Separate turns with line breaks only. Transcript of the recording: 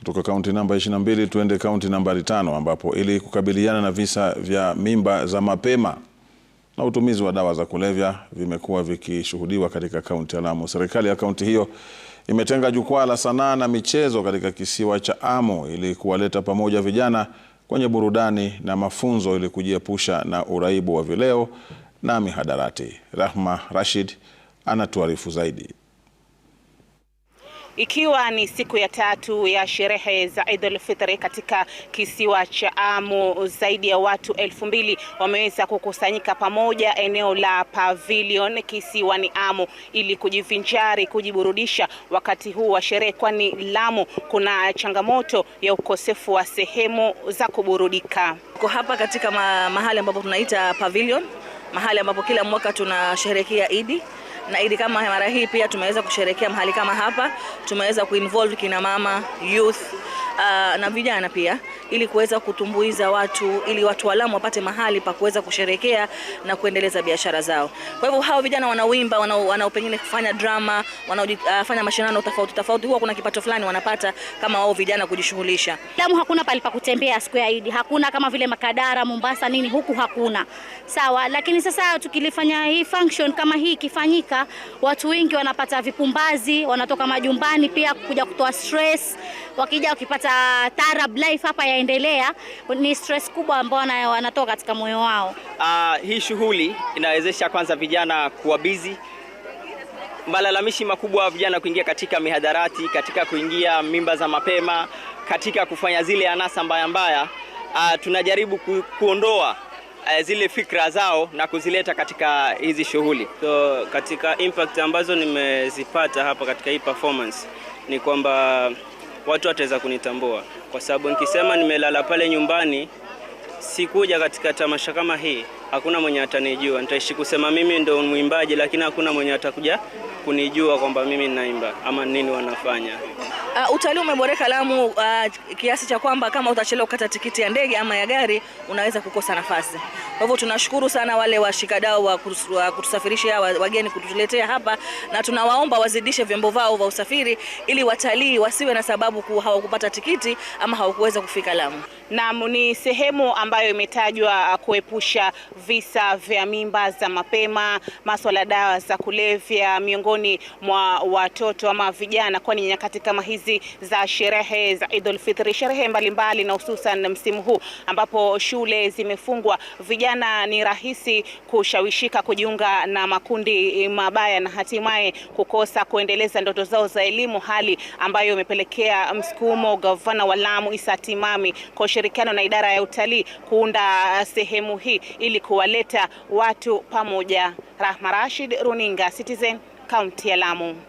Kutoka kaunti namba 22 tuende kaunti nambari tano ambapo ili kukabiliana na visa vya mimba za mapema na utumizi wa dawa za kulevya vimekuwa vikishuhudiwa katika kaunti ya Lamu. Serikali ya kaunti hiyo imetenga jukwaa la sanaa na michezo katika kisiwa cha Amu ili kuwaleta pamoja vijana kwenye burudani na mafunzo ili kujiepusha na uraibu wa vileo na mihadarati. Rahma Rashid anatuarifu zaidi.
Ikiwa ni siku ya tatu ya sherehe za Idul Fitri katika kisiwa cha Amu, zaidi ya watu elfu mbili wameweza kukusanyika pamoja eneo la Pavilion kisiwani Amu ili kujivinjari, kujiburudisha wakati huu wa sherehe, kwani Lamu kuna changamoto ya ukosefu wa sehemu za kuburudika.
Tuko hapa katika ma mahali ambapo tunaita Pavilion, mahali ambapo kila mwaka tunasherehekea Idi na Idi kama mara hii pia tumeweza kusherekea mahali kama hapa, tumeweza kuinvolve kina mama youth Uh, na vijana pia ili kuweza kutumbuiza watu ili watu walamu wapate mahali pa kuweza kusherekea na kuendeleza biashara zao. Kwa hivyo hao vijana wanaoimba, wanao pengine kufanya drama, wanaofanya uh, mashindano tofauti tofauti, huwa kuna kipato fulani wanapata kama wao vijana kujishughulisha.
Lamu hakuna pale pa kutembea siku ya Idi, hakuna kama vile Makadara, Mombasa nini, huku hakuna sawa. Lakini sasa tukilifanya hii function kama hii ikifanyika watu wengi wanapata vipumbazi, wanatoka majumbani pia kuja kutoa stress. Wakija wakipata tarab Life hapa yaendelea, ni stress kubwa ambao wanatoka katika moyo wao.
Uh, hii shughuli inawezesha kwanza vijana kuwa busy malalamishi makubwa vijana kuingia katika mihadarati, katika kuingia mimba za mapema, katika kufanya zile anasa mbaya mbaya. Uh, tunajaribu ku, kuondoa Eh, zile fikra zao na kuzileta katika hizi shughuli.
So, katika impact ambazo nimezipata hapa katika hii performance ni kwamba watu wataweza kunitambua kwa sababu nikisema nimelala pale nyumbani sikuja katika tamasha kama hii hakuna mwenye atanijua. Nitaishi kusema mimi ndo mwimbaji, lakini hakuna mwenye atakuja kunijua kwamba mimi ninaimba ama nini wanafanya.
Uh, utalii umeboreka Lamu uh, kiasi cha kwamba kama utachelewa kukata tikiti ya ndege ama ya gari unaweza kukosa nafasi. Kwa hivyo tunashukuru sana wale washikadau wa kutusafirisha wageni kutuletea hapa, na tunawaomba wazidishe vyombo vao vya usafiri ili watalii wasiwe na sababu ku hawakupata tikiti ama hawakuweza kufika Lamu.
Naam, ni sehemu ambayo imetajwa ah, kuepusha visa vya mimba za mapema, maswala dawa za kulevya miongoni mwa watoto ama vijana, kwani nyakati kama hizi za sherehe za Idul Fitri, sherehe mbalimbali na hususan msimu huu ambapo shule zimefungwa, vijana ni rahisi kushawishika kujiunga na makundi mabaya na hatimaye kukosa kuendeleza ndoto zao za elimu, hali ambayo imepelekea msukumo gavana wa Lamu Issa Timami kwa ushirikiano na idara ya utalii kuunda sehemu hii ili kuwaleta watu pamoja. Rahma Rashid, Runinga Citizen, kaunti ya Lamu.